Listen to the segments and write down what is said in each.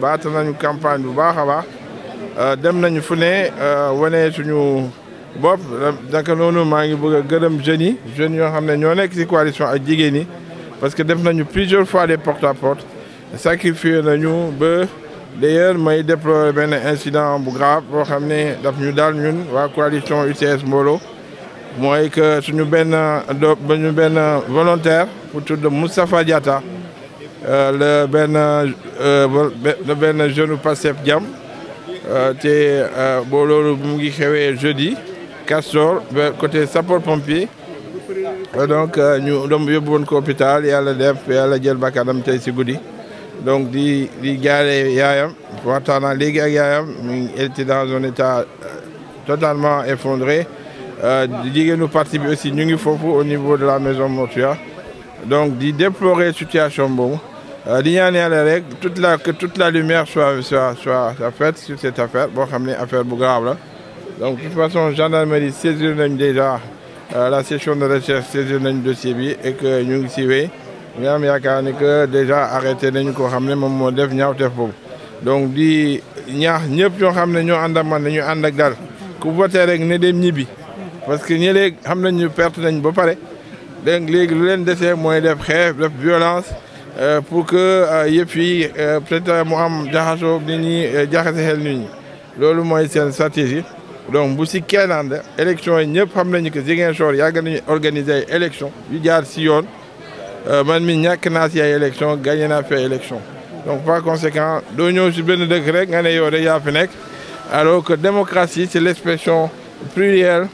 baata une campagne bu euh, dem nañu euh, suñu ngi bëgg yi coalition parce que def nañu plusieurs fois des porte à porte Ça nañu ba d'ailleurs may déplorer un incident grave pour xamné daf ñu coalition UCS que suñu ben volontaire pour euh, le ben le ben jeune Pastef Jàmm euh, te boo loolu mu ngi xewee jeudi Castor côté sapeur pompier donc ñu doom yóbbu woon ko hôpital la def yàlla jël bakkanam tey si guddi donc di di jaale yayam waxtaan les gars ak yaayam mu était dans un état totalement effondré gars nous bi aussi nous ngi fofu au niveau de la maison mortuaire donc di déplorer situation euh, toute que toute la lumière soit faite sur cette affaire Bon, affaire grave donc de toute façon gendarmerie saisir déjà déjà euh, la session de recherche de dossier et que nous déjà arrêté les nous donc nous avons ne parce que nous avons perdu dégg nga léegi lu leen def xeex def violence euh, pour que euh, yëpp yi euh, peut-être mu am jaxasoo nit ñi jaxase xel nit ñi loolu mooy seen stratégie donc bu si kenn ànd élection yi ñëpp xam nañu que Ziguinchor yàgg nañu organiser élection yu jaar si yoon man mi ñàkk naa si ay élection gagné naa fi élection donc par conséquent doo ñëw si benn dëkk rek nga ne yow rek yaa fi alors que démocratie c'est l'expression plurielle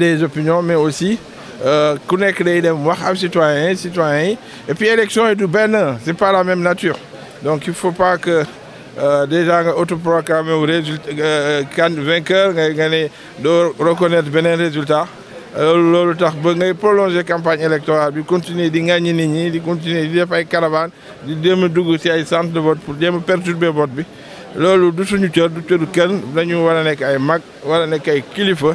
des opinions mais aussi euh, ku faut day dem wax am citoyen et puis élection et du Ce c'est pas la même nature donc il faut pas que euh, des gens autoproclamé wu vainqueurs kan vainqueur nga nga ne doo reconnaître résultat euh, loolu le tax prolonger campagne électorale bi continuer di gagner, nit ñi continuer di faire caravane de me douter si centre de vote pour jéem a perturber vote bi loolu du suñu cër du cëru kenn dañu war a nekk ay mag war a kilifa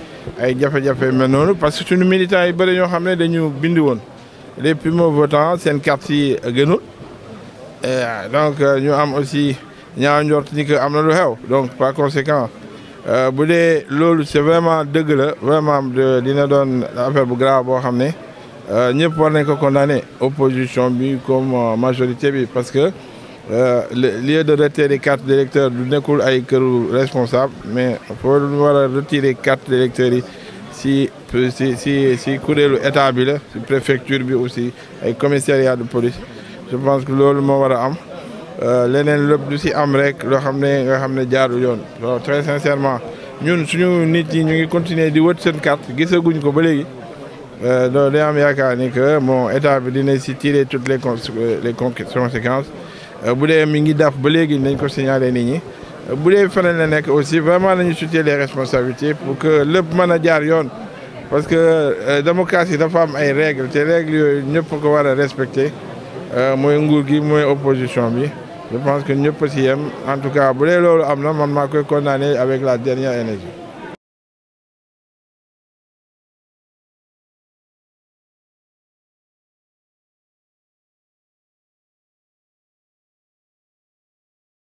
ay jafé jafé mel non parce que suñu militant yi bëri ñoo xamné dañu bindi woon les primo-votants seen carte yi gënul eh, donc euh, ñu am aussi ñaaw njort ni que amna lu xew donc par conséquent euh, bu dee lolu c'est vraiment deug la vraiment dina don affaire bu grave bo xamné euh ñepp war nañ ko condamner opposition bi comme euh, majorité bi parce que euh, lieu de retirer carte d'électeur du nekkul ay këru responsable mais pour nous a retirer carte d'électeur yi si si si si kuréelu état bi la préfecture bi aussi ay commissariat de police je pense que lolu mo wara am euh lenen lépp du si am rek lo xamné nga xamné jaaru jaarul yoon très sincèrement ñun suñu nit yi ñu ngi continuer di wët seen carte gisaguñ ko ba léegi donc euh, day am yaakaar ni que bon état bi dina si tirer toutes les les conséquences euh, Boudé dee mi ngi daf ba léegi nañ ko signaler nit ñi euh, bu dee la aussi vraiment nañu situer les responsabilités pour que le mën jaar yoon parce que euh, démocratie dafa am ay règles te règles yooyu ñëpp ko war a respecter mooy nguur gi opposition bi je pense que nous si en tout cas Boudé dee loolu am na man koy condamner avec la dernière énergie